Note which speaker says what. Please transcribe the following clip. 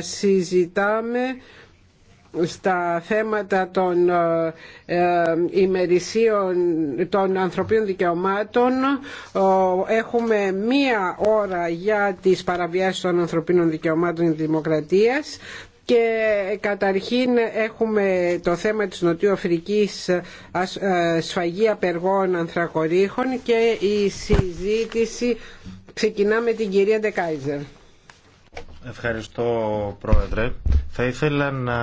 Speaker 1: συζητάμε στα θέματα των ε, ε, ημερησίων των ανθρωπίνων δικαιωμάτων έχουμε μία ώρα για τις παραβιάσεις των ανθρωπίνων δικαιωμάτων της δημοκρατίας και καταρχήν έχουμε το θέμα της Νοτιοαφρικής ε, σφαγή απεργών ανθρακορίχων και η συζήτηση ξεκινά με την κυρία Ντεκάιζερ.
Speaker 2: Ευχαριστώ, Πρόεδρε. Θα ήθελα να